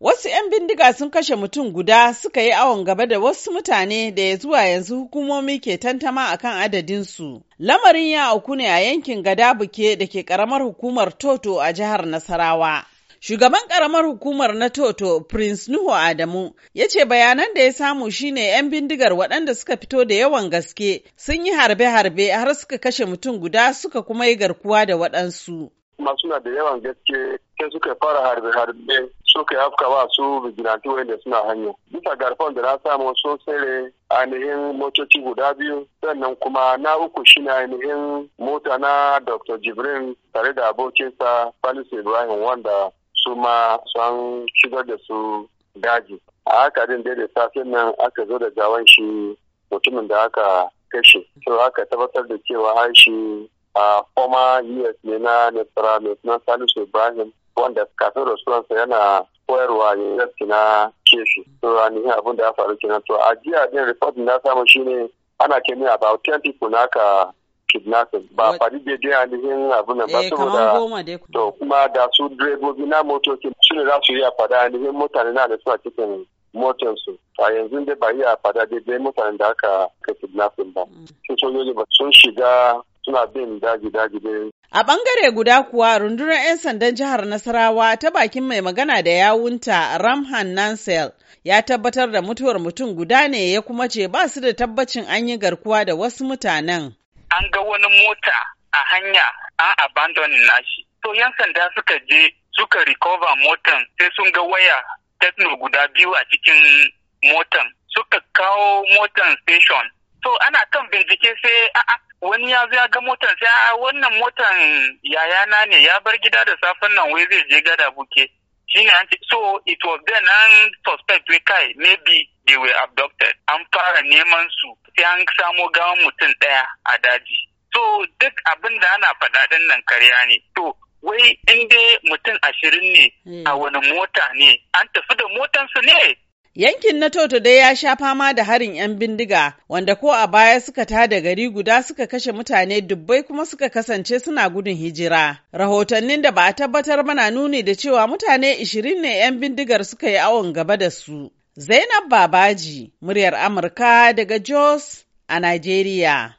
Wasu 'yan bindiga sun kashe mutum guda suka yi awon gaba da wasu mutane da ya zuwa yanzu hukumomi ke tantama akan adadinsu. Lamarin ya auku ne a yankin Gadabuke da ke karamar hukumar Toto a jihar Nasarawa. Shugaban ƙaramar hukumar na Toto, Prince Nuhu Adamu, ya ce bayanan da ya samu shine 'yan bindigar waɗanda suka fito da yawan gaske sun yi harbe-harbe har suka kashe mutum guda suka kuma yi garkuwa da waɗansu. Masu da yawan gaske sai suka fara harbe-harbe suka afka ba su vigilante wanda suna hanyar. bisa garfan da na samu sun tsere ainihin motoci guda biyu sannan kuma na uku shi shine ainihin mota na dr jibrin tare da abokinsa falis ibrahim wanda su ma sun shigar da su daji a haka din da da safin nan aka zo da gawan shi mutumin da aka kashe to aka tabbatar da cewa aishi a former us ne na nasara mai suna salisu ibrahim wanda kafin rasuwansa yana koyarwa university na keshi a ainihin abin da ya faru kenan to a jiya din report na samu shine ana kemi about 10 people na ka kidnapping ba jiya a nihin abin nan ba eh, saboda to kuma da su direbobi na motoci su ne za su fada a nihin mutane na da suna cikin su. a yanzu dai ba iya fada daidai mutane da aka kidnapping ba. Mm. ba sun shiga suna bin daji daji A bangare guda kuwa rundunar 'yan sandan jihar Nasarawa ta bakin mai magana da yawunta Ramhan Nansel ya tabbatar da mutuwar mutum guda ne ya kuma ce ba su da tabbacin an yi garkuwa da wasu mutanen. An ga wani mota a hanya an abandon nashi. To 'yan sanda suka je suka recover motan sai sun ga waya tekno guda biyu a cikin motan. Suka kawo motan station. To ana kan bincike sai a'a wani ya zo ya ga motar sai a ah, wannan motan yayana ne ya bar gida da safin nan wai zai je gada buke shine an ce so it was then an suspect we kai maybe they were abducted an fara neman su sai an samo gawan mutum ɗaya a daji so duk abin da ana faɗa ɗin nan karya ne to wai in dai mutum ashirin ne a hmm. wani mota ne an tafi da motansu ne Yankin na Toto dai ya sha fama da harin 'yan bindiga wanda ko a baya suka ta da gari guda suka kashe mutane dubbai kuma suka kasance suna gudun hijira. Rahotannin da ba a tabbatar mana nuni da cewa mutane 20 ne 'yan bindigar suka yi awon gaba da su. Zainab Babaji, muryar Amurka daga Jos a Najeriya.